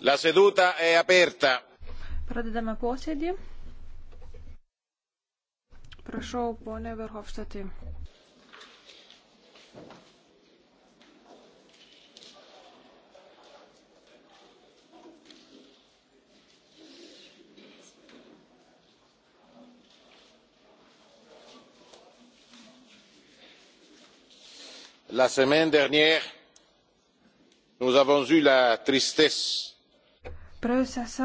La seduta è aperta. Pradedame posėdį. Prašau, ponė Verhofštatė. La semaine dernière, nous avons eu la tristesse Praėjusią savaitę